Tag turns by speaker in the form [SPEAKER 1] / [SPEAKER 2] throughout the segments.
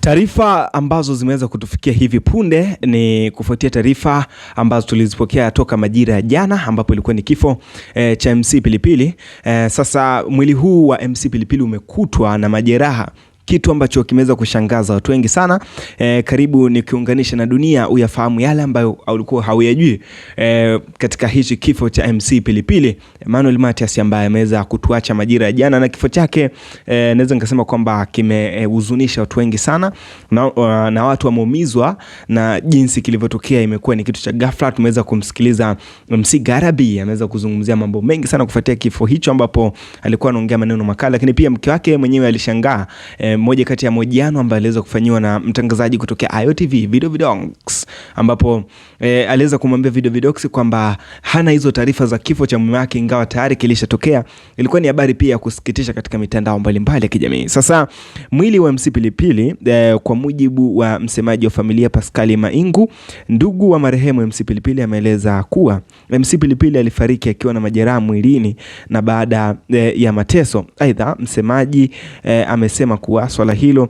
[SPEAKER 1] Taarifa ambazo zimeweza kutufikia hivi punde ni kufuatia taarifa ambazo tulizipokea toka majira ya jana, ambapo ilikuwa ni kifo e, cha MC Pilipili e. Sasa mwili huu wa MC Pilipili umekutwa na majeraha kitu ambacho kimeweza kushangaza watu wengi sana e, karibu ni kiunganisha na dunia uyafahamu yale ambayo ulikuwa hauyajui e, katika hichi kifo cha MC Pilipili Emmanuel Matias ambaye ameweza kutuacha majira ya jana, na kifo chake e, naweza nikasema kwamba kimehuzunisha watu wengi sana na, uh, na watu wameumizwa na jinsi kilivyotokea, imekuwa ni kitu cha ghafla. Tumeweza kumsikiliza MC Garabi ameweza kuzungumzia mambo mengi sana kufuatia kifo hicho, ambapo alikuwa anaongea maneno makali, lakini pia mke wake mwenyewe alishangaa e, Eh, moja kati ya mojiano ambayo aliweza kufanyiwa na mtangazaji kutokea iotv Video Vidongs ambapo e, aliweza kumwambia Video Vidox kwamba hana hizo taarifa za kifo cha mume wake, ingawa tayari kilishatokea. Ilikuwa ni habari pia ya kusikitisha katika mitandao mbalimbali ya kijamii. Sasa mwili wa MC Pilipili e, kwa mujibu wa msemaji wa familia paskali Maingu, ndugu wa marehemu MC Pilipili, ameeleza kuwa MC Pilipili alifariki akiwa na majeraha mwilini na baada e, ya mateso. Aidha, msemaji e, amesema kuwa swala hilo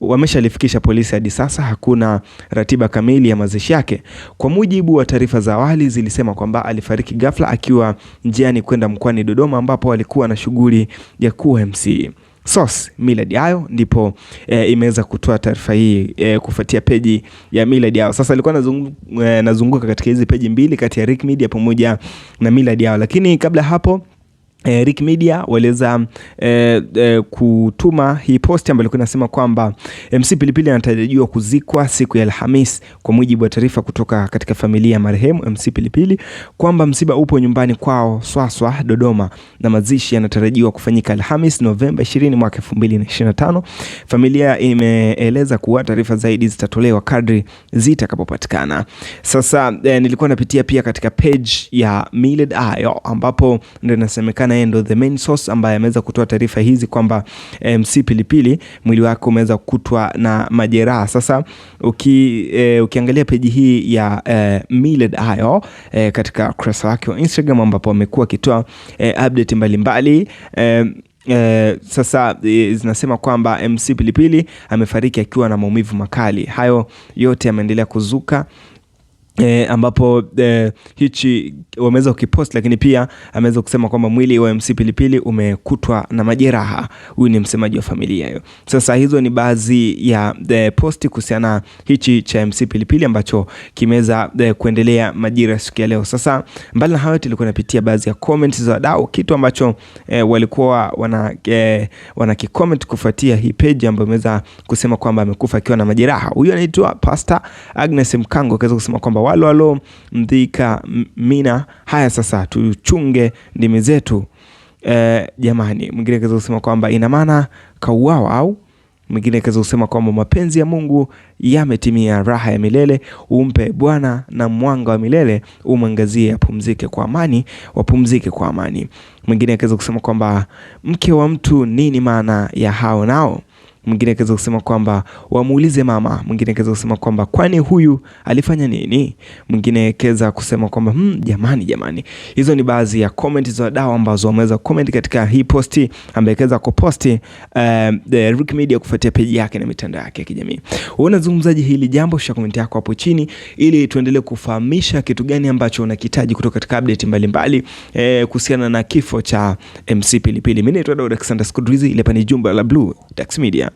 [SPEAKER 1] wameshalifikisha polisi. Hadi sasa hakuna ratiba kamili ya mazishi yake. Kwa mujibu wa taarifa za awali, zilisema kwamba alifariki ghafla akiwa njiani kwenda mkoani Dodoma, ambapo alikuwa na shughuli ya kuwa MC. Source Millard Ayo ndipo e, imeweza kutoa taarifa hii e, kufuatia peji ya Millard Ayo. Sasa alikuwa eh, anazunguka e, katika hizi peji mbili kati ya Rick Media pamoja na Millard Ayo, lakini kabla hapo E, Rick Media waliweza e, e, kutuma hii post ambayo ilikuwa inasema kwamba MC Pilipili anatarajiwa kuzikwa siku ya Alhamis. Kwa mujibu wa taarifa kutoka katika familia ya marehemu MC Pilipili kwamba msiba upo nyumbani kwao Swaswa, Dodoma, na mazishi yanatarajiwa kufanyika Alhamis Novemba 20 mwaka 2025. Familia imeeleza kuwa taarifa zaidi zitatolewa kadri zitakapopatikana. Sasa e, nilikuwa napitia pia katika page ya Millard Ayo ambapo ndio inasemekana na yeye ndo the main source ambaye ameweza kutoa taarifa hizi kwamba MC Pilipili mwili wake umeweza kutwa na majeraha. Sasa uki, e, ukiangalia peji hii ya e, Millard Ayo e, katika ukurasa wake wa Instagram ambapo amekuwa akitoa e, update mbalimbali mbali, e, Eh, sasa eh, zinasema kwamba MC Pilipili amefariki akiwa na maumivu makali. Hayo yote yameendelea kuzuka E, ambapo e, hichi wameweza kukipost, lakini pia ameweza kusema kwamba mwili wa MC Pilipili umekutwa na majeraha. Huyu ni msemaji wa familia hiyo. Sasa hizo ni baadhi ya de, eh, posti kuhusiana hichi cha MC Pilipili ambacho kimeweza kuendelea majira siku ya leo. Sasa mbali na hayo, tulikuwa napitia baadhi ya comments za wadau, kitu ambacho e, walikuwa wana e, wana kicomment kufuatia hii page ambayo imeweza kusema kwamba amekufa akiwa na majeraha. Huyu anaitwa Pastor Agnes Mkango akaweza kusema kwamba kwamba wale waliomdhika Mina, haya sasa tuchunge ndimi zetu. E, jamani, mwingine akaweza kusema kwamba ina maana kauawa au mwingine akaweza kusema kwamba mapenzi ya Mungu yametimia, raha ya milele umpe Bwana, na mwanga wa milele umwangazie, apumzike kwa amani, wapumzike kwa amani. Mwingine akaweza kusema kwamba mke wa mtu, nini maana ya hao nao? mwingine akaweza kusema kwamba wamuulize mama, mwingine akaweza kusema kwamba kwani huyu alifanya nini, mwingine akaweza kusema kwamba hmm, jamani jamani. Hizo ni baadhi ya comment za wadau ambazo wameweza comment katika hii posti ambayo akaweza kuposti uh, eh, Rick Media kufuatia peji yake na mitandao yake ya kijamii. Wewe unazungumzaje hili jambo? Shika comment yako hapo chini ili tuendelee kufahamisha kitu gani ambacho unakitaji kutoka katika update mbalimbali eh, kuhusiana na kifo cha MC Pilipili. Mimi naitwa Daud Alexander Skudrizi, ile pani jumba la Blue Dax Media.